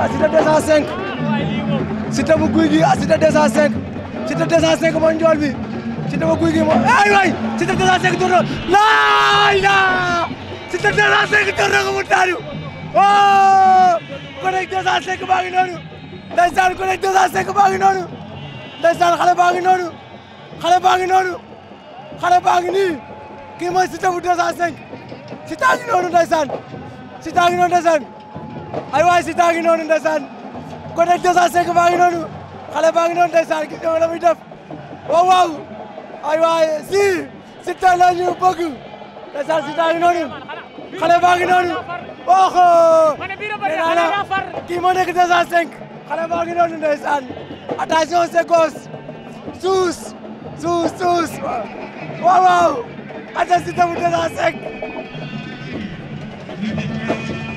à Cité 205 Cité bu guy gi à Cité 205 Cité 205 mooy njool bi Cité bu guy gi mooy ay waay Cité 205 tur na laay naa Cité 205 tur na ko mu taanu oh Konek 205 baa ngi noonu ndeysaan Konek 205 baa ngi noonu ndeysaan xale baa ngi noonu xale baa ngi noonu xale baa ngi nii kii mooy Cité bu 205 Cité a ngi noonu ndeysaan Cité a ngi noonu ndeysaan ay waay si taa ngi noonu ndeysaan côté 205 baa ngi noonu xale baa ngi noonu ndeysaan gis nga la muy def waaw waaw ay waay si si taa la ñu bëgg ndeysaan si taa ngi noonu xale baa ngi noonu oxo nee naa kii moo nekk 205 xale baa ngi noonu ndeysaan attention c'est suus suus waaw waaw attention si tamu 205